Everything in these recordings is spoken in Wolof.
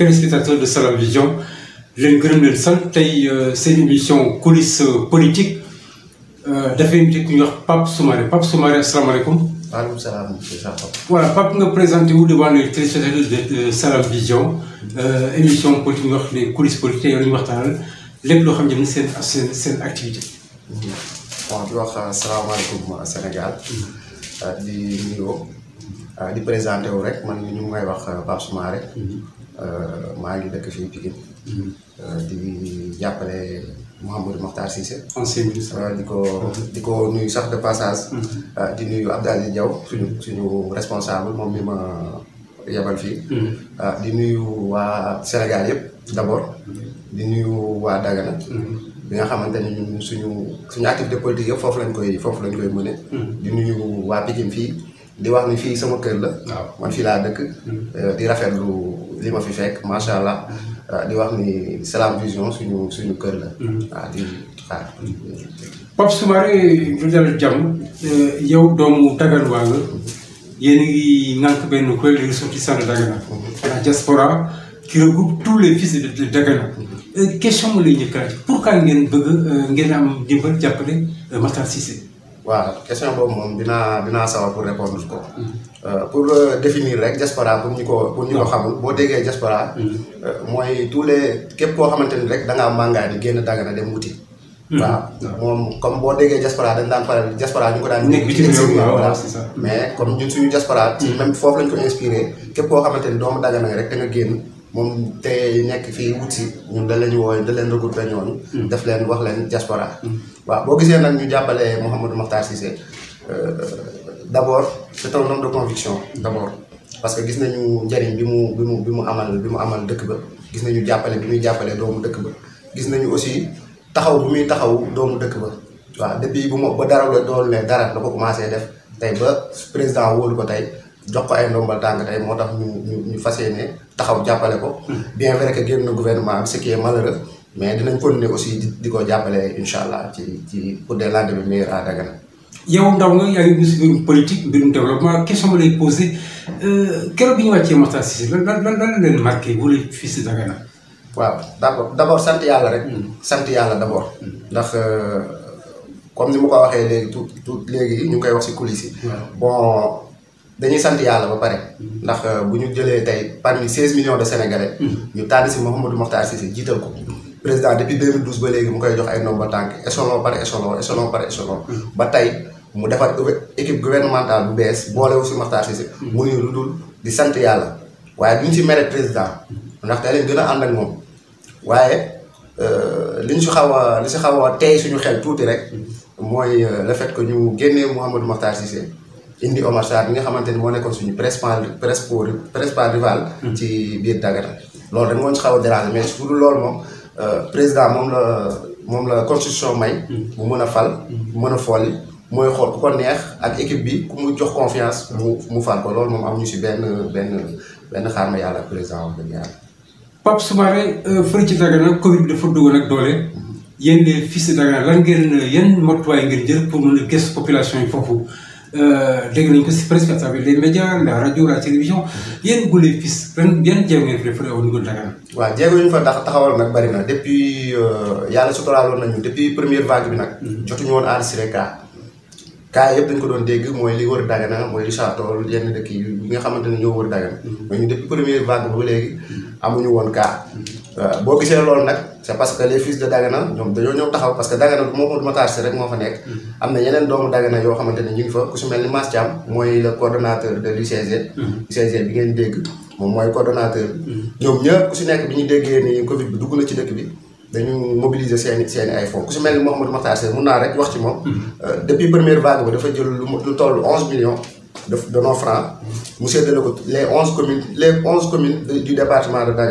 téléspectateurs de Salam Vision di leen gërëm leen sant tey euh, seen émission coulisse politique euh, dafay njëkk ñu wax Pape Soumaré Pape Soumaré asalaamaaleykum. waaleykum salaam voilà Pape nga présenté wu devant les téléspectateurs de euh, Salam Vision émission politique ñu wax les coulisses politiques yow la ñu waxtaanal lépp loo xam ne seen seen seen activité. bon mm-hmm. di wax asalaamaaleykum Sénégal. Mm-hmm. di nuyoo di présenté wu rek man ñu ngi may wax Pape Soumaré mm-hmm. Euh, maa ngi dëkk fii Pikine mhm. euh, di jàppale Mouhamadou Makhtar Cissé. ancien euh, di ko mhm. di ko nuyu sax de passage. Mhm. di nuyu Abdoulaye Diaw suñu suñu responsable moom mi ma yebal fii. di nuyu waa Sénégal yëpp d'abord. di nuyu waa Dagana. bi nga xamante ni suñu suñu activité politique foofu lañ koy foofu lañ koy mëne. di nuyu waa Pikine fii di wax ni fii sama kër la. waaw man fii laa dëkk. di rafetlu. li ma fi fekk macha allah mm-hmm. ah, di wax ni Salam Vision suñu suñu kër la. waaw mm-hmm. ah, di xaar. Mm-hmm. Pape jàmm euh, yow doomu Dagana waa nga yéen a ngi ŋànk benn kuréel yu sotti sànni Dagana. la diaspora qui regroupe tous les fils de Dagana. Euh, question mu lay njëkk laaj pourquoi ngeen bëgg euh, ngeen am dimbal jàppale Matar Cissé. waaw question boobu moom dinaa dinaa sawar pour répondre ko. Mhm. Euh, pour euh, définir rek diaspora pour ñu ko pour ñu ko xamul boo déggee diaspora. Mhm. Euh, mooy tous les képp koo xamante ni rek da ngaa màngaay di génn Dagana dem wuti. waaw mhm. moom comme boo déggee diaspora dañ daan faral diaspora ñu ko daan. nekk bitim réew voilà mais comme ñun suñu diaspora. ci même foofu lañ ko inspiré képp koo xamante ni doomu Dagana rek da nga génn. moom te nekk fii wut si ñun da leen wooy da leen regroupé ñooñu. Hmm. def leen wax leen diaspora. Hmm. waaw boo gisee nag ñu jàppale Mouhamadou Makhtar Cissé euh, d' abord c' est un de conviction d' abord. parce que gis nañu njëriñ bi mu bi mu bi amal bi mu amal dëkk ba gis nañu jàppale bi muy jàppalee doomu dëkk ba gis nañu aussi taxaw bi muy taxaw doomu dëkk ba. waaw depuis bu ma ba dara la doon ne dara la ko commencé def tey ba président woolu ko tey. jox ko ay ndombal tàng tey moo tax ñu ñu ñu fas yéene taxaw jàppale ko. bien vrai que génn gouvernement bi ce qui est malheureux. mais dinañ continuer aussi di di ko jàppale incha allah ci ci pour des lendemains meilleurs à Dagana. yow daw nga yaa ngi gis bi lay posé euh, keroog bi ñu wàccee Makhtar Cissé lan lan lan la leen marqué wala fii si Dagana. waaw d' accord d' abord sant yàlla rek. Hmm. sant yàlla d' abord. Hmm. ndax. Euh, comme ni ma ko waxee léegi tout tout léegi ñu koy wax si coulisse hmm. bon dañuy sant yàlla ba pare ndax euh, bu ñu jëlee tey parmi 16 millions de sénégalais. Mm-hmm. ñu tànn si Mouhamadou Mokhtar Cissé jiital ko. président depuis 2012 ba léegi mu koy jox ay nomba tànk échelon par échelon échelon par échelon. Mm-hmm. ba tey mu defar équipe gouvernementale bu bees boolewu si Mokhtar Cissé. Mm-hmm. mu ngi lu dul di sant yàlla waaye duñ si mere président ndax da leen gën a ànd ak moom waaye euh, liñ si xaw a li si xaw a tey suñu xel tuuti rek mooy euh, le fait que ñu génnee Mouhamadou Mokhtar Cissé. indi Omar Sarr bi nga xamante ni moo nekkoon suñu principal principal rival. Mm-hmm. ci biir Dagana. loolu rek moo xaw a mais su dul loolu moom euh, président moom la moom la constitution may. bu mm-hmm. mën a fal. Mm-hmm. mën a folli mooy xool ku ak équipe bi ku mu jox confiance. mu mu fal ko loolu moom ñu si benn benn benn xaar ma yàlla président wax dëgg yàlla. Pape Soumaré euh, fële ci Dagana Covid bi dafa dugg nag doole. yéen les fils de lan ngeen yan matuwaay ngeen jël pour mën a gëstu population yi foofu. Euh, dégg nañ ko si presse à travers les médias la rajo la télévision yéen Goulé Fils ren yan jéego ngeen fa defal ñu fa tax taxawal nag bari na depuis euh, yàlla suturaaloon nañu depuis première vague bi nag. Mhm. jotuñu woon enregistré cas. cas yëpp dañ ko doon dégg mooy li wër Dagana mooy Richard Toll yenn dëkk yi nga xamante ne ñoo wër Dagana. Mhm. mais ñu depuis première vague ba léegi. Mhm. amuñu woon cas euh, boo gisee loolu nag c'est parce que les fils de Dagana ñoom dañoo ñëw taxaw parce que Dagana bu ma Matar Sy rek moo fa nekk mm-hmm. am na yeneen doomu Dagana yoo xamante ne ñu ngi fa ku su mel ni Mass Thiam mooy le coordonnateur de l'UCG mm-hmm. UCG bi ngeen dégg moom mooy coordonnateur mm-hmm. ñoom ñëpp ku si nekk bi ñu déggee ni Covid bi dugg na ci dëkk bi dañu mobiliser seeni seeni ay fonds ku si mel ni Mouhamadou Matar Sy mun naa rek wax ci moom euh, depuis première vague dafa jël lu lu toll onze millions de de nos francs mu séddale ko les onze communes les onze communes du département de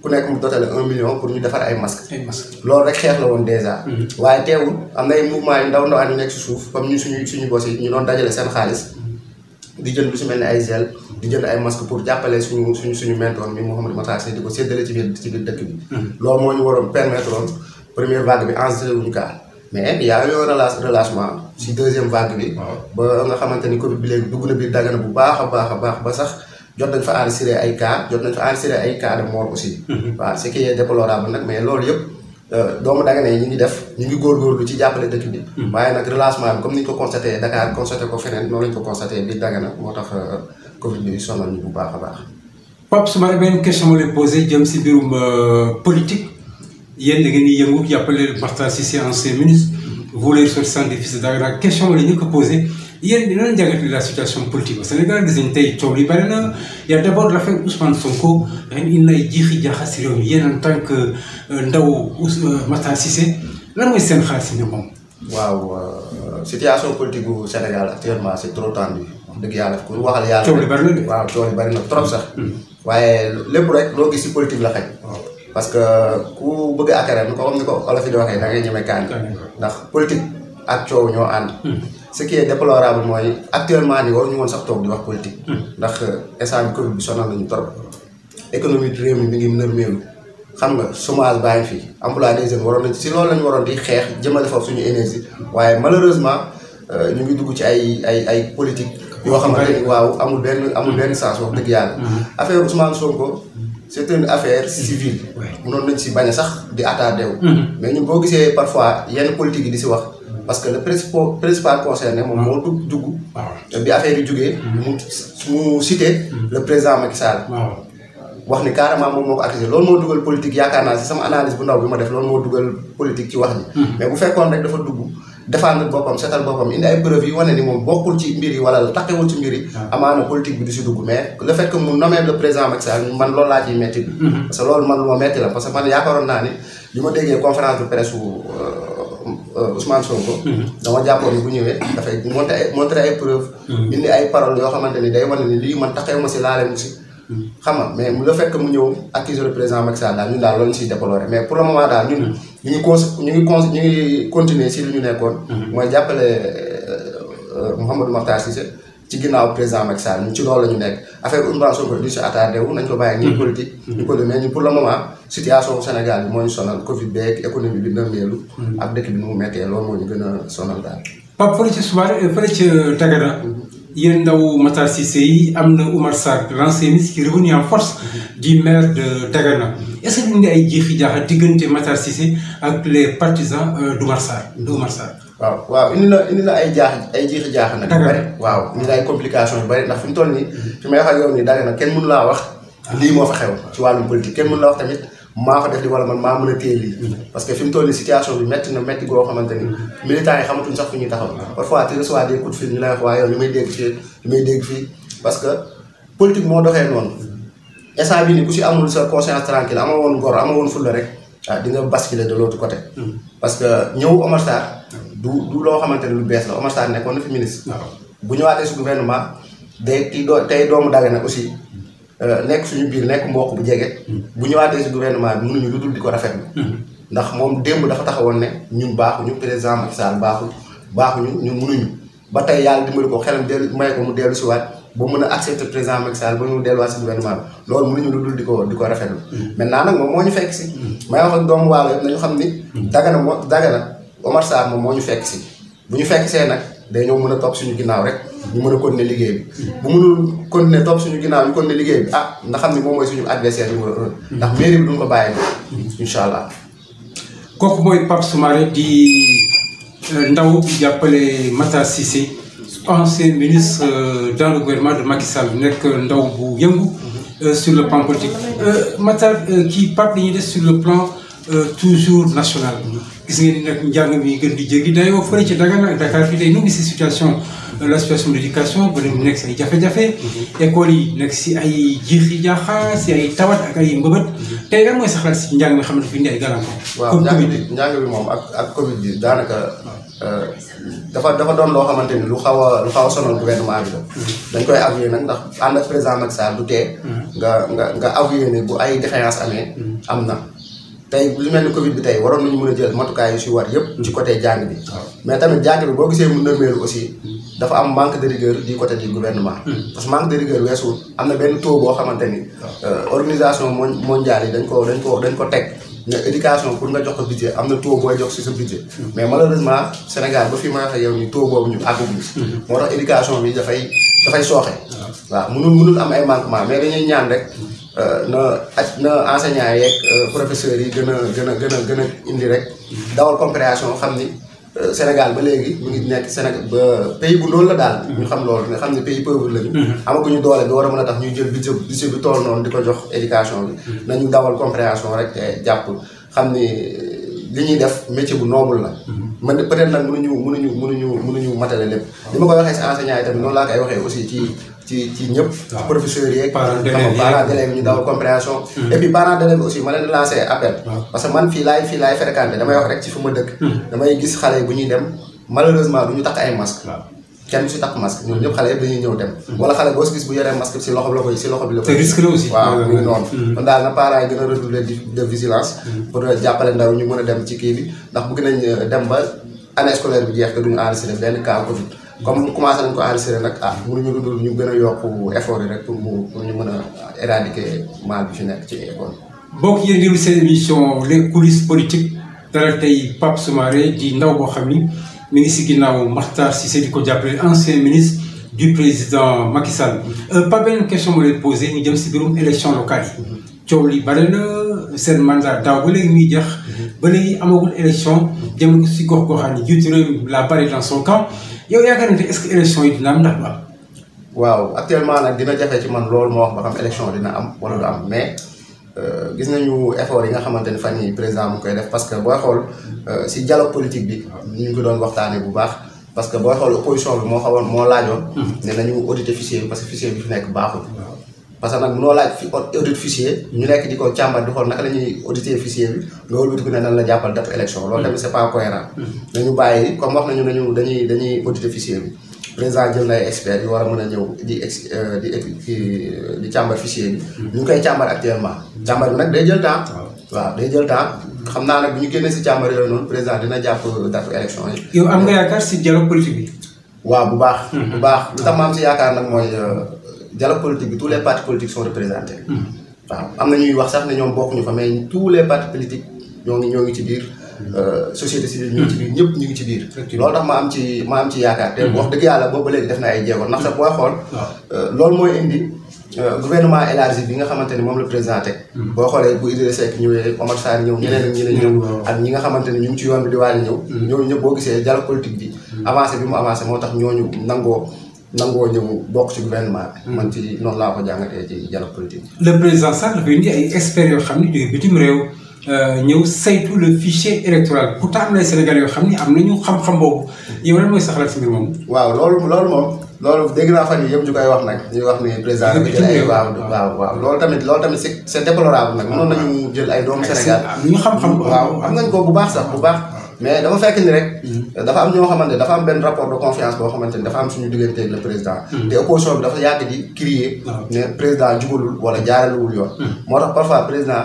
ku nekk mu dotale un million pour ñu defar ay masques. ay loolu rek xeex la woon déjà. Mhm. waaye teewul am na ay mouvement yu ndaw am yu nekk si suuf comme ñu suñu suñu boss yi ñu doon dajale seen xaalis. Mhm. di jënd lu si mel ni ay gel di jënd ay masques pour jàppale suñu suñu suñu mentor mi Mouhamadou Matar Sy di ko séddale ci biir ci biir dëkk bi. Mhm. loolu moo ñu waroon permettre woon bi enregistré wuñu kaar. mais il y a eu relâche relâchement vague bi. ba nga xamante ni Covid bi léegi dugg na biir Dagana bu baax a baax a baax ba sax jot nañ fa enregistré ay cas jot nañ fa enregistré ay cas de mort aussi. waaw ce qui est déplorable nag mais loolu yëpp euh, doomu Dagana yi ñu ngi def ñu ngi góorgóorlu ci jàppale dëkk bi. Hmm. waaye nag relâchement bi comme ni ñu ko constaté Dakar constaté ko feneen noonu la ñu ko constaté biir Dagana moo tax euh, Covid bi sonal ñu bu a baax. Pape Soumaré benn question yéen da ngeen di yëngu jàppale le Makhtar Cissé ancien ministre volet soixante fils de Dagana question la ñu ko posé yéen dina leen jàngat la situation politique au Sénégal gis nañ tey coow li bari na y' a d' abord l' affaire Ousmane Sonko ren il nay jiixi jaaxa si réew mi yéen en tant que euh, ndaw euh, Makhtar Cissé lan mooy seen xaalis si ñoom moom. waaw euh, situation politique bu Sénégal actuellement c' est trop tendu wax dëgg yàlla ku waxal yàlla. coow bari na de sax. Hmm. waaye lépp rek loo gis si la xaj. parce que ku bëgg akara ni ko ko olof yi di waxee da ñeme kaan ndax politique ak coow ñoo ànd hmm. ce qui est déplorable mooy actuellement ni waruñu woon sax toog di wax politique hmm. ndax instant bi Covid bi sonal nañu trop économie di réew mi mi ngi nërmeelu xam nga chômage baa ngi fii emploi des jeunes waroon nañ si loolu waroon di xeex jëmale foofu suñu énergie waaye malheureusement euh, ñu ngi dugg ci ay ay ay politique yoo xam nga waaw amul benn amul benn sens wax dëgg yàlla hmm. affaire Ousmane Sonko c'est une affaire mm-hmm. civile. mënoon nañ si bañ a sax di attardé wu. Mm-hmm. mais ñun boo gisee parfois yenn politique yi di si wax. Mm-hmm. parce que le principal principal moom ah. moo dugg dugg. Ah te bi affaire yi jugee. mu mu cité. le président Macky Sall. Ah wax ni carrément moom moo ko accusé loolu moo dugal politique yaakaar naa si sama analyse bu ndaw bi ma def loolu moo dugal politique ci wax ji. mais bu fekkoon rek dafa dugg. défendre boppam seetal boppam indi ay preuve yi wane ni moom bokkul ci mbir yi wala la taqewul ci mbir yi ah. amaana politique bi du si dugg mais le fait que mu nommé le président Macky Sall man loolu laa mm-hmm. bi parce la ma déggee euh, euh, mm-hmm. ay montré ay mm-hmm. yoo xamante ni day wane ni lii man taxew ma si laale mu si xam nga mais le fait que daal ñun daal ñu ngi ñu ngi con ñu ngi continuer si li ñu nekkoon. Mhm. mooy jàppale euh, euh, Mouhamadou Makhtar Cissé ci ginnaaw président Macky Sall ñu ci loolu lañu ñu nekk affaire Ousmane Sonko du si attardé wu nañ ko bàyyi ñuy mhm. politique ñu mhm. ko demee ñu pour le moment situation moo ñu sonal Covid bi nëmmeelu ak dëkk bi nu mu mettee loolu moo ñu gën a sonal daal Pape fële ci subaar fële ci euh, Tagada yéen ndaw Matar Cissé yi am na Oumar Sarr l'ancien ministre qui est revenu en force du maire de Dagana est-ce que duñu ay jeexi jaaxa diggante Matar Cissé ak les du euh, d'Oumar Sarr d'Oumar Sarr waaw waaw indi na indi na ay jaax ay jeexi jaaxa nag bari waaw indi na ay complications yu bari ndax fu mu toll nii fi may wax ak yow nii Dagana kenn mënu laa wax ah. lii moo fa xew ci wàllum politique kenn mun laa wax tamit maa ko def li wala man maa mën a téye lii mm-hmm. parce que fi toll nii situation bi métti na métti goo xamante ni mm-hmm. militants yi xamatuñ sax fu ñuy taxaw mm-hmm. fii parce que politique moo doxee noonu instant bi ni ku si amul sa conscience tranquille ama woon ngor ama woon fulla rek waaw ah, di nga basculer de l'autre côté parce que ñëw Omar Sarr du du loo xamante ne lu bees la Omar Sarr nekkoon na fi ministre ah. bu ñëwaatee su gouvernement day kii doo tey doomu daga nag aussi Euh, nekk suñu biir nekk mbokk bu jege. Hmm. bu ñëwaatee si gouvernement bi mënuñu lu dul di ko rafetlu. Hmm. ndax moom démb dafa taxawoon ne ñun baaxuñu président Macky Sall baaxul baaxuñu ñun mënuñu ba tey yàlla dimbali ko xelam dellu may mu dellu si waat ba mën a accepter président Macky Sall ba ñu delluwaat si gouvernement bi loolu mënuñu lu dul di ko di ko rafetlu. Hmm. maintenant nag moom moo ñu fekk si. may wax ak doomu waalo yëpp nañu xam ni. dagana moo dagana Omar Sarr moom moo ñu fekk si bu ñu fekk see nag day ñëw mën a topp suñu ginnaaw rek. ñu mën a continuer liggéey bi bu mënul continuer topp suñu ginnaaw ñu continuer liggéey bi ah nga ni moom mooy suñu adversaire ndax mairie bi duñ ko bàyyi allah kooku mooy Pape Soumaré di euh, ndaw jàppale Matar Cissé ancien ministre euh, dans le gouvernement de Macky Sall nekk ndaw bu yëngu euh, su le plan politique Matar kii Pape li ñuy des sur le plan toujours national gis ngeen ni nag njàng mi gën di jéggi dayoo a ci Dagana ak Dakar fii tey ñu ngi si situation Euh, la situation de l'éducation bu dem nekk si ay jafe-jafe mhm. école yi si ay jiix yi jaaxa si ay tawat ak ay mbëbët mhm. tey lan mooy sa xalaat si njàng mi xam ne dafa indi ay gàllankoor waaw njàng bi moom ak ak covid bi daanaka euh, dafa dafa doon loo xamante ni lu xaw a lu xaw a sonal mhm. dañ koy avouer nag ndax ànd ak président Macky Sall du tee nga nga nga avouer ne bu ay défaillance amee am na tey lu mel ni Covid bi tey waroon nañu mën a jël matukaay yu si war yëpp. ci côté jàng bi. mais tamit jàng bi boo gisee mu nërmeelu aussi. dafa am manque hmm. na benn taux boo xamante ni. Euh, organisation mondiale yi dañ ko dañ ko dañ ko teg. nga éducation pour nga jox ko budget am na taux booy jox si sa budget hmm. mais malheureusement Sénégal ba fi ma waxee yow ni taux boobu ñu àgguñu hmm. moo tax éducation bi dafay dafay sooxe waaw mënul mënul am ay manquement mais dañuy ñaan rek Euh, na na enseignants yeeg euh, professeurs yi gën a gën a gën a indi rek dawal compréhension xam ni euh, Sénégal ba léegi mu ngi nekk Sénégal ba pays bu loolu la daal mm-hmm. ñu xam loolu nga xam ne pays pauvre la ñu mm-hmm. amaguñu doole bi war a mën a tax ñuy jël budget budget bi tool noonu di ko jox éducation bi mm-hmm. nañu dawal compréhension rek jàppul xam ni li ñuy def métier bu noble la man peut-être nag mënuñu mënuñu mënuñu mënuñu matale lépp li oh. ma koy waxee si enseignants yi tamit noonu laa koy waxee aussi ci ci ci ñëpp. ci ah. professeurs yeeg. parents d'élèves yi ñu daw compréhension. Hmm. et puis parents d'élèves aussi ma leen lancé appel. Ah. parce que man fii laay fii laay fréquenté damay wax rek ci fi ma dëkk. Hmm. damay gis xale yi bu ñuy dem malheureusement du ñu takk ay masque ah. kenn si takk masque ñun hmm. ñëpp xale yëpp dañuy ñëw dem wala xale boo gis bu yoree masque si loxo bi la koy si loxo bi la koy risque la aussi waaw ñu noonu kon daal na parents yi gën a redoubler de vigilance ci kii bi ndax bëgg nañ euh, dem ba année bi jeex te duñu enregistré benn comme commencé nañ ko enregistré nag ah mënuñu dundul ñu gën a yokk effort yi rek pour ñu mën a éradiquer mal bi fi nekk ci école les coulisses politiques dalal tey Pape Soumaré di ndaw boo xam ni mi ngi si ginnaaw Makhtar Cissé di ko jàppale ancien ministre du président Macky Sall. Euh, Pape beneen question moo leen posé ñu jëm si biirum élection locale yi. coow li bare na seen mandat daaw ba léegi muy jeex. ba léegi amagul élection jëm si gox goxaan yi jiitu réew la bari dans son camp. yow yaakaar nañu est-ce que élection yi dina am ndax du waaw actuellement nag dina jafe ci man loolu moo wax ba xam élection dina am wala du am mais euh, gis nañu effort yi nga xamante ne fan ni président mu ngi koy def parce que boo xool euh, si dialogue politique bi. ñu ko doon waxtaanee bu baax. parce que booy xool opposition bi moo xawoon moo laajoon. Hmm. ne nañu auditer fichier bi parce que fichier bi fi nekk baaxul. parce que nag mënoo laaj fi audit fichier ñu nekk di ko càmbar di xool naka la ñuy auditer fichier bi nga wëlbatiku ne nan la jàppal mm-hmm. na ay experts a mën a ñëw euh, mm-hmm. nag day xam naa nag bu ñu génnee si càmbar yooyu noonu jàpp date élection yi yow am nga yaakaar si dialogue politique waaw bu baax mm-hmm. bu baax lu tax am si yaakaar nag mooy euh, dialogue politique bi tous les partis politiques sont représentés. Hmm. waaw am na ñuy wax sax ne ñoom ñu fa mais tous les partis politiques ñoo ngi ñoo ngi ci biir. Hmm. Euh, société civile ñu ci biir hmm. ñëpp ñu ngi ci biir. loolu tax ma am ci ma am ci yaakaar. te wax dëgg yàlla boobu ba léegi def na ay jéego ndax sax booy xool. Euh, loolu mooy indi euh, gouvernement élargi bi nga xamante ni moom la président boo xoolee bu Idrissa Seck ñëwee Omar Sarr ñëw ñeneen ak ñëw. ak ñi nga xamante ni ñu ngi ci yoon bi di waale ñëw. ñooñu ñëpp gisee dialogue politique bi. avancé bi mu avancé moo tax ñooñu nangoo. nangoo ñëw bokk ci gouvernement bi. Hmm. man ci noonu laa ko jàngatee ci dialogue politique le président Sall dafa indi ay experts yoo xam ne jóge bitim réew euh, ñëw saytu le fichier électoral pourtant am na yoo xam ne am nañu xam-xam boobu hmm. yow lan mooy sa xalaat si mbir moomu. waaw loolu loolu moom loolu dégg naa fan yii yëpp ñu koy wax nag. ñuy wax ne président bi jël ay waaw waaw waaw loolu tamit loolu tamit c'est c'est déplorable nag. mënoon nañu jël ay doomu ah, Sénégal. ñu xam-xam waaw am nañ ko bu baax sax bu baax. mais dafa fekk ni rek. dafa am ñoo xamante dafa am benn rapport de confiance boo xamante ni dafa am suñu diggante ak le président. Mm. te opposition bi dafa yàgg di crier. ne président jubalul wala jaaralewul yoon. Mm. moo tax parfois président.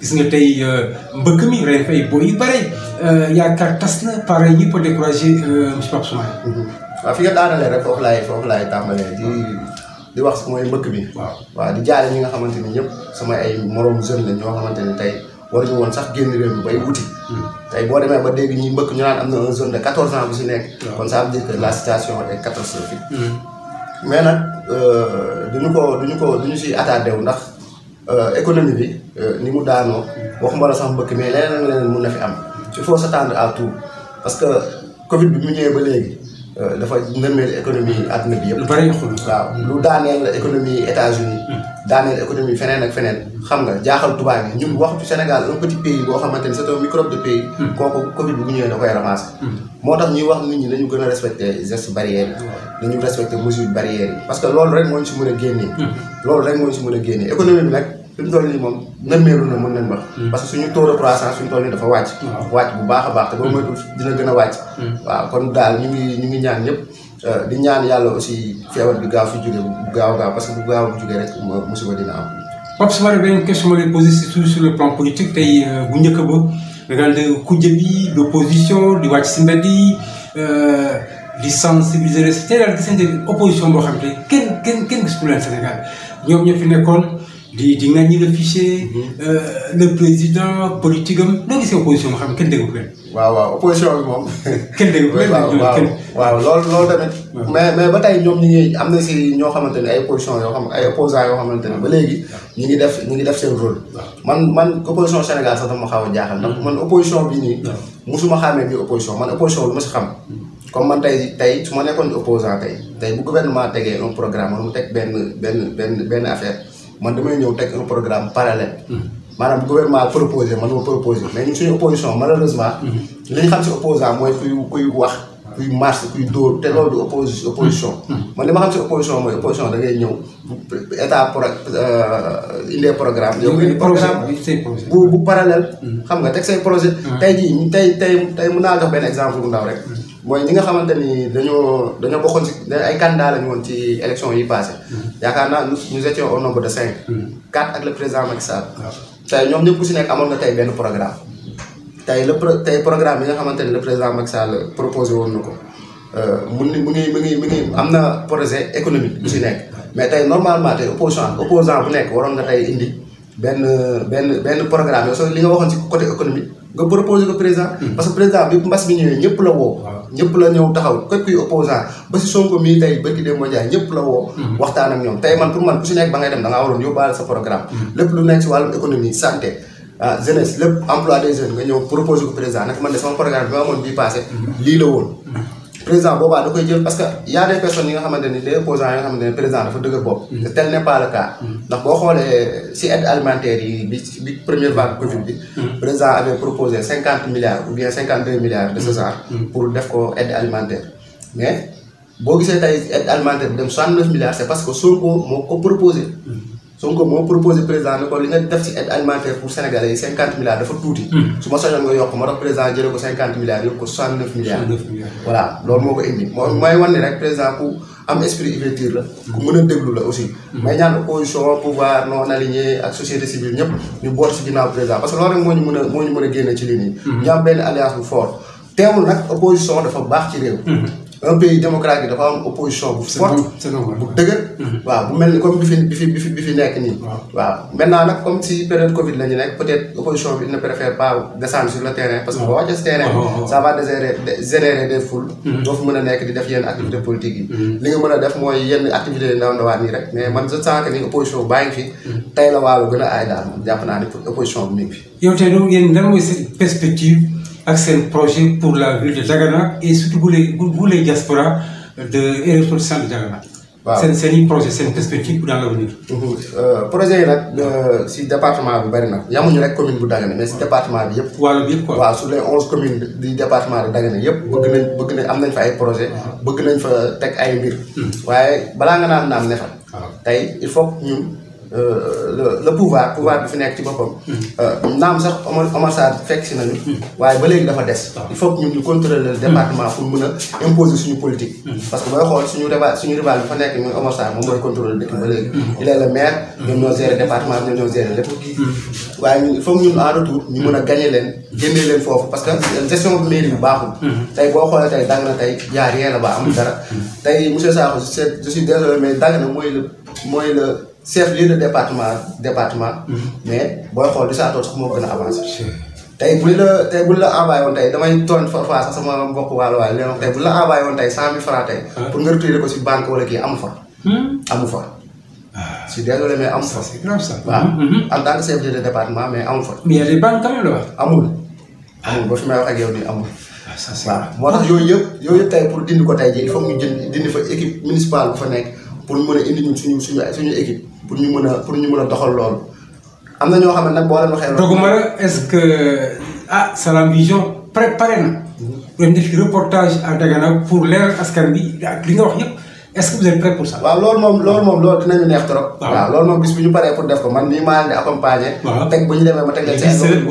gis nga tey euh, mbëkk mi ren fay boo yu bare euh, yaakaar tas na pare ñëpp a découragé euh, monsieur Pape Soumaré. Mhm. waaw fi nga daanalee rek foofu laay foofu laay tàmbalee di di wax mooy mbëkk bi. waaw waaw di jaale ñi nga xamante ni ñëpp sama ay moroom jeune la ñoo xamante ni tey waruñu woon sax génn réew mi bay wuti. Hmm. tey boo demee ba dégg ñi mbëkk ñu naan am na un jeune de 14 ans bu si nekk. kon ça veut dire que la situation est catastrophique. Hmm. mais nag duñu ko duñu ko duñu si attardé wu ndax économie bi. Euh, ni mu daanoo waxuma la sax mbëkk mais leneen leneen mun na fi am il faut s'attendre à tout parce que Covid bi mu ñëwee ba léegi euh, dafa nërmeel économie àdduna bi yëpp. lu bari waaw lu daaneel économie États-Unis hmm. daaneel économie feneen ak feneen. xam nga jaaxal tubaab yi ñun waxtu Sénégal un petit pays boo xamante ni c'est hmm. bi bu ñëwee da koy hmm. moo tax ñuy wax nit ñi nañu gën a respecter gestes barrières yi. nañu respecter mesures que loolu rek moo ñu mën a génnee. loolu rek moo ñu si a génnee économie bi nag. fi mu toll nii moom nërmeeru na mën nañ wax. Hmm. parce que suñu a baax te boo hmm. dina hmm. kon daal ñu ngi ñu ngi ñaan ñëpp. Euh, di ñaan yàlla aussi feebar bi gaaw bu gaaw gaaw parce que bu gaaw bu jógee am. Pape Soumaré beneen question ma lay posé surtout sur le plan tey euh, bu njëkk ba nga daan dégg kujje bi di wàcc si mbedd euh, di di sensibiliser tey daal gis nañ opposition boo xam te kenn kenn kenn gis ku leen Sénégal ñoom ñoo fi nekkoon. di di ŋàññi le fichier. Mhm. Euh, le président politique am noo gisee opposition xam kenn déggu ko leen. waaw waaw opposition bi moom. kenn déggu ko leen waaw waaw loolu tamit. mais mais ba tey ñoom ñu ngi am na si ñoo xamante ne ay opposition yoo xam ay opposants yoo xamante ne ba léegi ñu ngi def ñu ngi def seen rôle. man man opposition Sénégal sax dama xaw a jaaxal ndax man opposition bi nii. musuma xàmmee bi opposition man opposition lu ma si xam. Hmm. comme man tey tey su ma nekkoon opposant tey tey bu gouvernement tegee un programme wala mu teg benn benn benn benn affaire. man damay ñëw teg un programme parallèle. Hmm. maanaam gouvernement proposé man ma proposé mais ñun suñu opposition malheureusement. Hmm. li ñu xam si opposant mooy kuy wax. kuy marche kuy dóor te loolu du opposi hmm. opposition. man li ma xam si opposition mooy opposition da ngay ñëw état pro euh, indee programme. yow indi programme bu bu parallèle. xam nga teg say projet. tey jii tey tey tey mën naa jox benn exemple bu ndaw rek. mooy ñi nga xamante ni dañoo dañoo bokkoon ci ay candidats lañu woon ci élection yi passé mm-hmm. kaar naa nous étions au nombre de cinq. Mm-hmm. quatre ak le président Macky Sall. tey ñoom ñëpp ku si nekk amoon nga tey benn programme. tey le pro programme yi nga xamante ni le président Macky Sall proposé woon na ko euh, mu ngi mu ngi mu ngi mu na projet économique bu si mm-hmm. nekk. mais tey normalement tey opposant opposant bu nekk waroon nga tey indi benn benn benn programme yoo li nga waxoon ci côté économique nga proposé ko président. parce que président bi mbas bi ñëwee ñëpp la woo. ñëpp la ñëw taxaw képp kuy opposant ba si Sonko mii tey bërki dee moo jaay ñëpp la woo mhm. waxtaan ñoom tey man pour man ku si nekk ba ngay dem da ngaa waroon yóbbaale sa programme mhm. lépp lu nekk si wàllum économie santé ah jeunesse lépp emploi des jeunes nga ñëw proposé ko président nag man de sama programme bi ma amoon bii passé mhm. lii la woon président boobaa da koy jël parce que y a des yi nga xamante ni des opposants yi dafa dëgër bopp mm. te tel n'est mm. ndax boo xoolee si aide alimentaire yi bi bi première vague Covid bi mm. président avait proposé cinquante milliards ou bien cinquante deux milliards de ce genre pour def ko aide alimentaire mais boo gisee tey aide alimentaire bi dem soixante neuf milliards parce que Sonko moo ko proposé Sonko moo proposé président ne ko li nga def ci aide alimentaire pour sénégalais yi cinquante milliards dafa tuuti. Hmm. su ma soñoon nga yokk ma tax président jëlee ko cinquante milliards yokk ko soixante neuf mooy hmm. hmm. ñëpp ñu boot ci ginnaaw président parce que loolu rek moo ñu mën a génne ci lii nii. ñu benn alliance bu fort teewul nag opposition dafa baax ci réew. un pays démocratique dafa am opposition bu forte bu dëgër mhm. waaw bu mel ni comme bi fi bi fi bi fi nekk nii waaw maintenant nag comme si période Covid la nekk peut opposition bi il préfère pas descendre sur le terrain parce que boo wàccee si terrain ça va dégérer générer des foules mhm. doo fi mën a nekk di def yenn activité mhm. politique yi li mën a def mooy yenn activité yi ndaw ndawaan nii rek man je sens que opposition baa ngi fi tey la waalu gën a aay ak seen projet pour la ville de Dagana et surtout bu bu euh, yi nag euh, si département bi bari na yamuñu rek commune bu Dagana mais si département bi yëpp. wàllu bi yëpp quoi waaw sur les onze communes du département de Dagana yëpp. bëgg nañ am nañ fa ay projet bëgg nañ fa teg ay mbir. waaye balaa nga naan naam ne fa. tey il faut ñu. Euh, le le pouvoir pouvoir bi fi nekk ci boppam. Euh, naam sax Omar Omar fekk si nañu. waaye ba léegi dafa des. il faut que ñun ñu contrôler le département pour mun a imposer suñu politique. parce que booy xool suñu rival suñu rival bi fa nekk ñun Omar moom mooy contrôler dëkk ba léegi. il est maire. ñoom ñoo gérer département bi ñoom ñoo gérer lépp. waaye ñun il faut que ñu mun a gagné leen génnee leen foofu parce que gestion bu mairie bi baaxul. boo xoolee tey chef lieu de département département. Mhm. mais booy xool di saa tool a bu la tey bu la envoyé woon tey damay tooñ parfois sax sama mbokk wàllu waay leen wax tey bu woon tey cent mille francs tey. Ah. pour nga retirer si banque wala kii amu fa. Hmm? amu fa. je ah. suis désolé hmm, hmm, de département mais amu fa. mais a des ah. moo tax yooyu yëpp yooyu yëpp tey pour dindi ko tey jii il faut ñu dindi fa équipe municipale fa nekk. pour mën a indi ñun suñu suñu suñu pour ñu mën a pour ñu mën a doxal loolu. am na ñoo xam ne nag boo leen waxee. doguma la est-ce que ah Salam Vision préparé na. Mhm. doon def reportage à Dagana pour leeral askan bi ak ah, li nga loolu moom loolu dinañu neex trop. waaw loolu moom bis bu ñu paree pour def ko man nii maa di accompagner. waaw teg bu ñu demee ma tegal seen.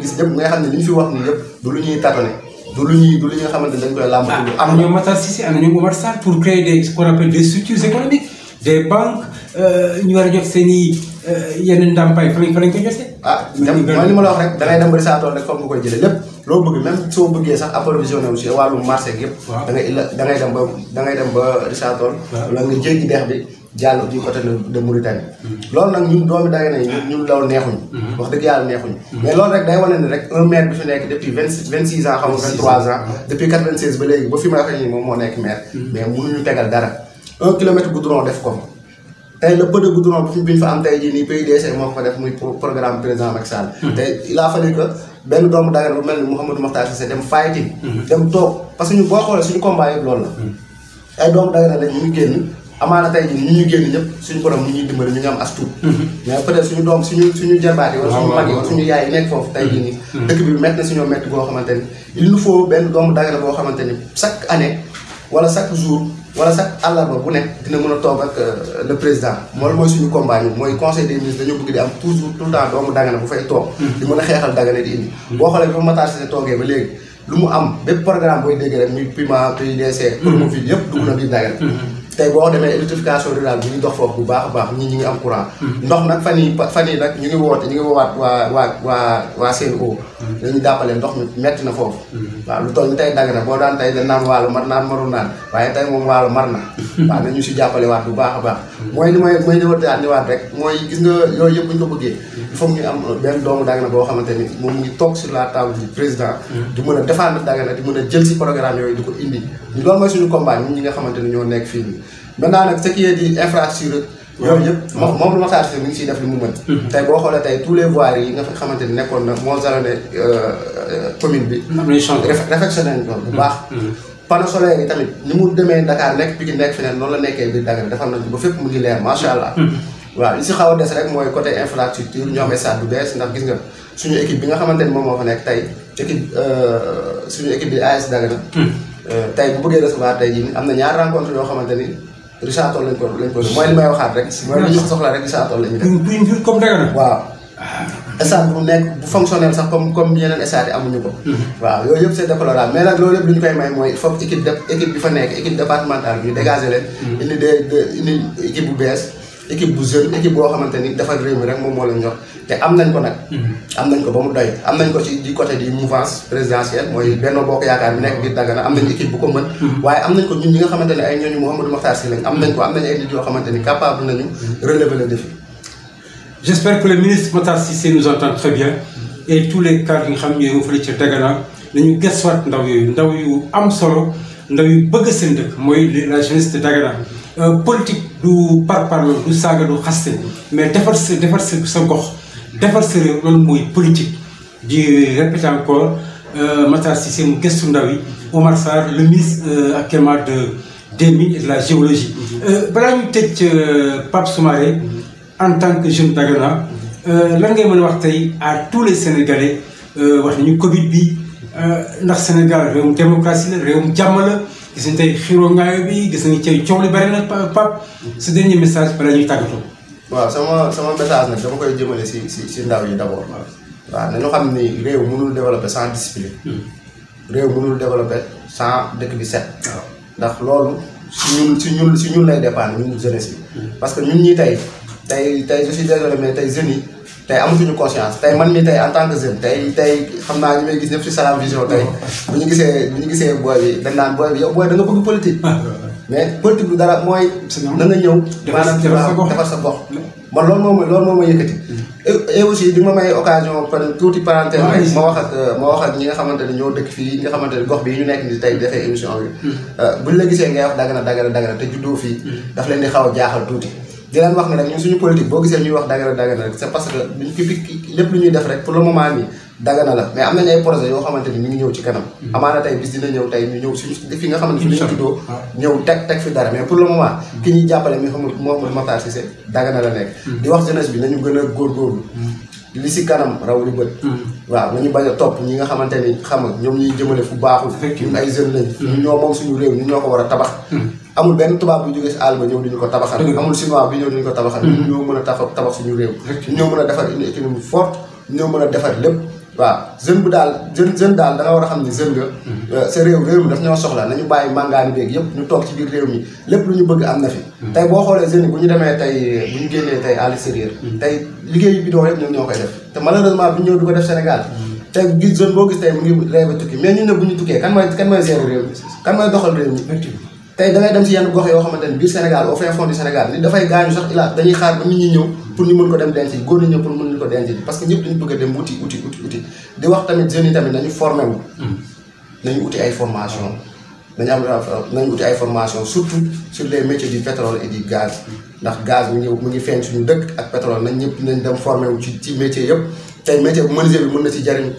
gis nga xam ne li ñu fi wax nii yëpp du lu ñuy tâtonner. du lu ñuy du li nga xamante ne dañ koy làmb. Ah, am na ñoom Matar Cissé am na ñoom pour créer des ce qu'on des structures économiques des banques euh, ñu war a jot seen i euh, yenn ndàmpaay fa lañ fa koy jotee. Ah, ma la wax rek dem ba risaatoon rek comme nga koy jëlee lépp. loo bëgg même soo bëggee sax approvisionné wu si wàllum marché gi yëpp. da ngay dem ba da ngay dem ba risaatoon. waaw la nga jéggi deex bi. jàll du côté de Mauritanie. loolu nag ñun doomi Dagana yi ñun loolu neexuñ. Mm-hmm. wax dëgg yàlla neexuñ. Mm-hmm. mais loolu rek day wane ni rek un maire bi fi nekk depuis vingt six vingt six vingt trois ans. depuis quatre vingt seize ba léegi ba fi may waxee nii moom moo nekk maire. Mm-hmm. mais mënuñu tegal dara. un kilomètre goudron def ko tey le peu de goudron bi ñu fa am tey jii nii PUDC moo fa def muy programme président Macky Sall. tey il a fallu que benn doomu Dagana bu mel ni amaana tey jii ñi ñu génn ñëpp suñu borom mu ñuy dimbali ñu ngi am as tuut mhm. mais peut suñu doom suñu suñu jarbaat yi wala suñu mag yi wala suñu yaay yi nekk foofu tey jii nii mhm. dëkk bi si ñoom métti goo xamante il nous faut benn doomu Dagana boo xamante ni année wala chaque jour wala sax àllarba bu nekk dina mën a toog ak euh, le président moom mooy suñu combat mooy conseil des ministres dañoo bëgg di am toujours tout le temps doomu Dagana bu fay toog mhm. di mën a xeexal Dagana di indi boo xoolee bi tey boo demee électrification rurale bi ñu dox foofu bu baax baax ñi ñu ngi am courant. Mm-hmm. ndox nag fan yii fan yii nag ñu ngi woote ñu ngi woowaat waa waa waa waa CNO. Mm-hmm. dañuy jàppale ndox mi metti na foofu. Mm-hmm. waaw lu toll ni tey dagg na boo daan tey da naan waalo mar naan maru naan waaye tey moom waalo mar na. waaw nañu si jàppale waat bu baax a baax. mooy li may mooy li ma daal di waat rek mooy gis nga yooyu yëpp bu ñu ko bëggee. il faut ñu am benn doomu Dagana boo xamante ni moom mu ngi toog sur la table du président. Mm. di mën a défendre Dagana di mën a jël si programme yooyu di ko indi. ñu loolu mooy suñu nga xamante ne ñoo nekk fii nii maintenant nag ce qui est di mm. mi ngi siy def li mu mm. xoolee tey tous les voiries yi nga xamante ni nekkoon na moo jalonné euh, euh, commune bi. am nañu changé réfectionné ko bu baax. panneau solaire yi tamit ni mu demee Dakar nekk Pikine nekk feneen noonu la nekkee biir Dagana defar nañu ba fépp mu ngi leer macha allah. waaw li si xaw des rek mooy côté infrastructure ñoom am bu bees ndax gis nga suñu équipe bi nga xamante ni moom moo fa nekk tey équipe euh, suñu équipe bi AS Dagana. Hmm. Euh, tey bu bëggee recevoir tey na ñaar rencontre yoo xamante ni Richard Toll lañ ko lañ ko mooy sax comme comme yeneen stade yi amuñu ko. Hmm. waaw yooyu yëpp c'est déplorable mais nag loolu yëpp de hmm. indi de bu bees. équipe bu jeune équipe boo xamante ni defar réew mi rek moom moo la ñor te am nañ ko nag. Mm-hmm. am nañ ko ba mu doy am nañ ko ci di côté di mouvance présidentielle mooy Benno Bokk Yaakaar bi nekk biir Dagana am nañ équipe ko mën. Mm-hmm. waaye am nañ ko ñun ñi ne ay ñooñu Mouhamadou Makhtar Sy lañ am nañ ko am nañ ay nit yoo xamante ni capable nañu mm-hmm. relever le défi. j'espère que le ministre Makhtar Cissé nous entend très bien et tous les am solo ndaw yu bëgg seen dëkk mooy la jeunesse de Euh, politique du par par du saaga du xaste mais defar sa defar sa sa gox defar sa réew loolu mooy politique di répéter encore euh, Matar Cissé mu gëstu ndaw yi Omar Sarr le ministre euh, actuellement de des mines et la géologie balaa ñu tëj Pape Soumaré en tant que jeune Dagana lan ngay mën a wax tey à tous les sénégalais wax nañu Covid bi ndax Sénégal réewum démocratie la réewum jàmm la gis nañ tey xiroo ngaayo bi gis nañ tey coow li bari na Pape si dernier message bala ñuy tàggatoo. waaw sama sama message nag dama koy jëmale si si si ndaw yi d'abord. waaw nañu xam ni réew mënul développer sans discipline. Hmm. réew mënul développer sans dëkk bi set. ndax loolu si ñun si ñun si ñun lay dépendre ñun jeunesse bi. Hmm. parce que ñun ñi tey tey tey je suis désolé mais tey jeunes yi. tey amatuñu conscience tey man mi tey en tant que jeune tey tey xam naa ñu may gis ñëpp ci Salam Vision tey bu ñu gisee bu ñu gisee booy bi dañ naan yow booy da nga bëgg politique mais politique du dara mooy na ñëw maanaam defar sa gox man loolu moom loolu moom ma yëkkati et aussi di ma may occasion tuuti parenthèse rek ma wax ak ma wax ak ñi nga xamante ne ñoo dëkk fii ñi nga xamante ne gox bi ñu nekk ni tey defee émission bi hmm. euh, buñ la gisee ngay wax dagana dagana dagana te juddoo fii hmm. daf leen di xaw a jaaxal tuuti di leen wax ne nag ñun suñu politique boo gisee ñuy wax dagana dagana rek c'est parce que luñ public lépp lu ñuy def rek pour le moment nii dagana la mais am nañ ay projet yoo xamante ni ñu ngi ñëw ci kanam hmm. amaana tey bis dina ñëw tey ñu ñëw suñu fi nga xam ne fi lañu juddoo ah. ñëw teg teg dara mais pour le hmm. jàppale mi xamul Mouhamadou Makhtar dagana la nekk hmm. di wax jeunesse bi nañu gën a góorgóorlu li si kanam raw li bët waaw nañu bañ a topp ñi nga xamante ni xam nga ñoom ñuy jëmale fu baaxul ñun ay jeunes lañ ñu ñoo moom suñu réew ñu ñoo ko war a tabax amul benn tubaab bu jógee si àll ba ñëw di ñu ko tabaxal amul chinois ñu ko tabaxal mm-hmm. ñu a tabax tabax suñu réew ñu ñëw mën a defar une économie ñu mën a defar lépp waaw jeune bu daal jeune jeune daal da war a xam ni jeune nga mm-hmm. euh, sa réew réew mi daf ñoo soxla nañu bàyyi màngaani beeg yëpp ñu toog ci biir réew mi lépp lu ñu bëgg am na fi mm-hmm. tey boo xoolee jeunes yi bu ñu demee tey bu ñu génnee tey à l'extérieur tey liggéeyu ñoo koy te malheureusement bi ñëw du ko def Sénégal tey gis jeune boo gis tey mu ngi rêve tukki mais ñun ne bu ñu tukkee kan mooy kan mooy gérer réew mi kan mooy doxal réew mi tey da dem si yenn gox yoo xamante ne biir Sénégal au fin fond du Sénégal li dafay gaañu sax ilaaj dañuy xaar ba nit ñi ñëw pour ñu mën ko dem denc ji góor ñi ñëw pour mën ko denc ji parce que ñëpp dañu bëgg a dem wuti uti nañu wu hmm. nañu uti ay formation nañu am nañu uti ay formation surtout su les métiers du pétrole et du gaz ndax gaz mu ñëw mu ngi feeñ suñu dëkk ak pétrole nañ ñëpp nañ dem formé wu ci ci métier yëpp tey métier bu menuisier bi mën na si jariñ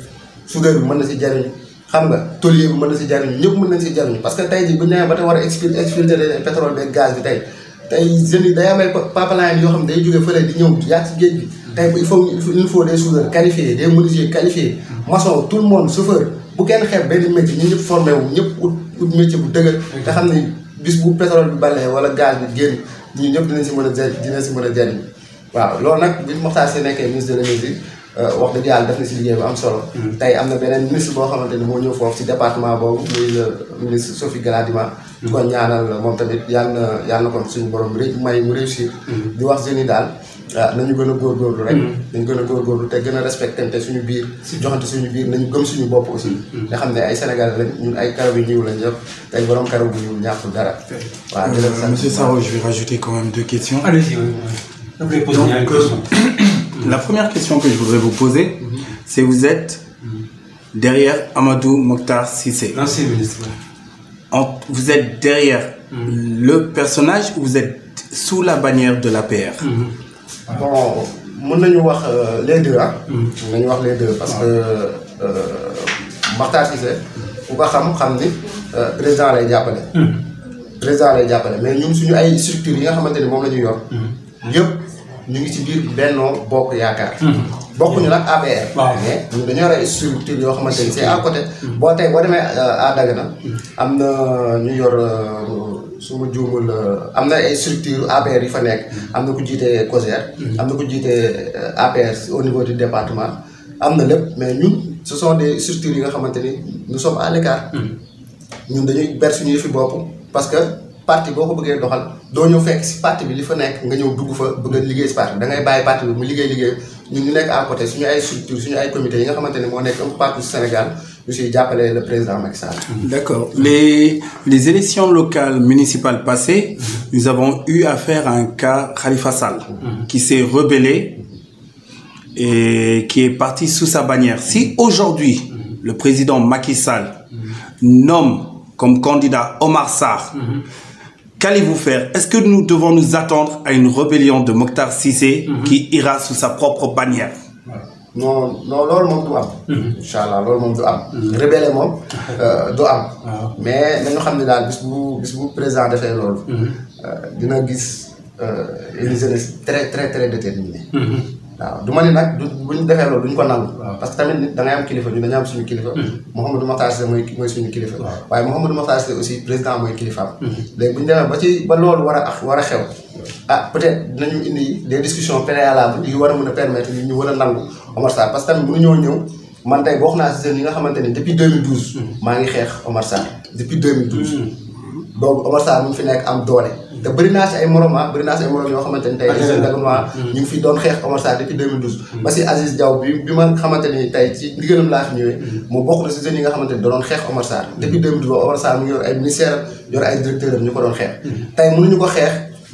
soudeur bi mën na si jariñ xam nga tôlier bi mën na si jariñu ñëpp mën nañ si jariñu parce que tey jii bu ñu ba te war a expli exfiltrer pétrole beeg gaz bi tey tey jeunes yi day am ay pipeline yoo xam day jógee fële di le monde chauffeur bu kenn xeeb benn métier ñu ñëpp formé wu ñëpp ut ut métier mm. bi balee wala gaz bi génn ñu ñëpp dinañ si mën a jariñ dinañ si mën a waaw loolu nag bi Mokhtar Sy nekkee ministre de l'énergie Euh, wax dëgg yàlla def na si liggéey bu am solo. Hmm. tey am na beneen ministre boo xamante ni moo ñëw foofu si département boobu ministre Sophie Gladima. Hmm. di ko ñaanal moom tamit yàlla na yàlla na ko suñu borom may mu réussir. Hmm. di wax jeunes yi daal ah, nañu gën a góorgóorlu rek. nañu gën a góorgóorlu te suñu biir. si joxante suñu biir nañu gëm suñu bopp aussi. nga xam ne ay Sénégalais lañ ay karaw yu ñëw lañ yëpp tey borom karaw bu ñëw ñàkkul dara. waaw jërëjëf euh, monsieur Sakho je vais rajouter quand La première question que je voudrais vous poser, mm -hmm. vous êtes derrière Amadou Mokhtar Sissé. L'ancien ministre. vous êtes derrière mm le personnage ou vous êtes sous la bannière de la mm -hmm. Bon, mën nañu wax euh, les deux ah. mën nañu wax les deux parce que euh, Mokhtar Sissé ku ko xam xam ni euh, président lay jàppale. Mm-hmm. président lay jàppale mais ñun suñu ay structures yi nga xamante ni moom la ñu yor. ñu ngi ci biir Benno Bokk Yaakaar. Mhm. bokkuñu nag APR. waaw mais ñun dañoo rey structure yoo xamante ni c'est à côté. Mhm. boo tey boo demee euh, à Dagana. Mhm. am na ñu yor euh, su ma euh, am na ay structure APR yu fa nekk. am na ku jiite COSER. am na ku jiite APR au niveau du département. am na lépp mais ñun ce sont des structures yi nga xamante ni nous sommes à ñun dañuy ber suñuy fi bopp parce que. parti boo ko bëggee doxal doo ñu fekk si parti bi li fa nekk nga ñëw dugg fa bëgg a liggéey si parti bi da ngay bàyyi parti bi mu liggéey liggéey ñu nekk à côté suñu ay structure suñu ay comité yi nga xamante ne moo nekk un peu partout Sénégal ñu siy jàppale le président Macky Sall. d'accord les les élections locales municipales passées nous avons eu affaire à un cas Sall. qui s'est rebellé et qui est parti sous sa bannière si aujourd'hui le président Macky Sall nomme comme candidat Omar Sarr. mm Qu'allez-vous faire? Est-ce que nous devons nous attendre à une rébellion de Mokhtar Cissé mhm. qui ira sous sa propre bannière? non non loolu moom du am. Mhm. incha allah loolu moom mhm. euh, mais nañu xam ne daal bis bu bis bu président defee loolu. Euh, dina gis euh, une très très très déterminée. waaw du ma ni nag du bu ñu defee loolu du ñu ko nangu. parce que tamit nit da ngay am kilifa ñu dañu am suñu kilifa. Hmm. Mouhamadou Makhtar Cissé mooy mooy suñu kilifa. waaye Mouhamadou Makhtar Cissé aussi président mooy kilifaam. Hmm. léegi bu ñu demee ba ci ba loolu war a war a xew. ah peut-être dinañu indi des discussions préalables yu war a mën a permettre ñu war a nangu Omar Sarr parce que tamit mënuñoo ñëw man tey bokk naa si jeunes yi nga xamante ne depuis 2012. Hmm. maa ngi xeex Omar Sarr depuis 2012. donc Omar Sarr mu fi nekk am doole. te bëri naa si ay morom ah bëri naa si ay morom yoo xamante ni tey seen dalument ah, mm. ñu ngi fi doon xeex Omar Sarr depuis 2012 mm. ba si xamante ni tey ci ndigalam laa fi mm. Omar Sarr mu yor ay ministère yor ay directeur am ñu ko doon xeex tey mënuñu ko xeex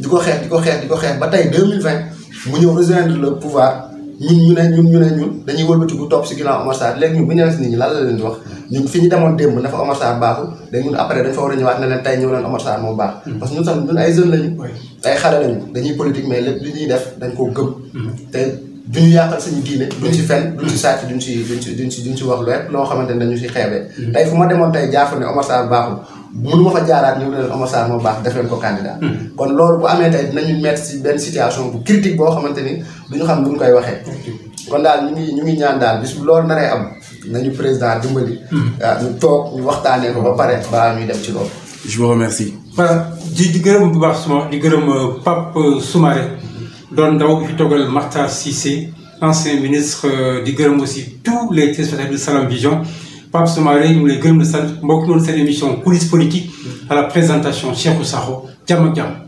ko xeex di ko xeex di ko xeex ba tey 2020 mu ñëw rejoindre le pouvoir ñun ñu ne ñun ñu ne ñun dañuy wëlbatiku topp si ginnaaw Omar Sarr léegi ñun bu ñu nit ñi lan la leen di wax ñun fi ñu demoon démb na fa Omar Sarr baaxul léegi ñun après dañ fa war a ñëwaat leen tey ñëw leen Omar baax hmm. parce que ñun sax ñun ay xale lañu dañuy politique mais lépp li ñuy def dañ koo gëm hmm. te duñu yàqal suñu diine duñ si fen duñ si sàcc duñ si duñ si duñ si duñ wax lu rek loo xamante ne dañu si xeebee hmm. tey fu ma demoon tey jaafal ne Omar Sarr baaxul mënu ma fa jaaraat ñëw ne leen Omar moo baax defee leen ko candidat. Hmm. kon loolu bu amee tey dinañu mettre si benn situation bu critique boo xamante ni duñu xam nu ñu koy waxee. kon daal ñu ngi ñu ngi ñaan daal bis bu loolu naree am nañu président dimbali. waaw hmm. ah, ñu toog ñu waxtaanee ko ba pare balaa ñuy def ci loolu. je vous remercie. voilà di di gërëm bu baax suma di gërëm euh, Pape euh, Soumaré doon ndaw fi toogal Makhtar Cissé ancien ministre euh, di gërëm aussi tous les téléspectateurs de Salam Vision. Pape Soumaré ñu ngi lay gërëm di sant mbokk noonu seen émission coulisses politiques à la présentation Cheikhou Sakho jàmm ak jàmm.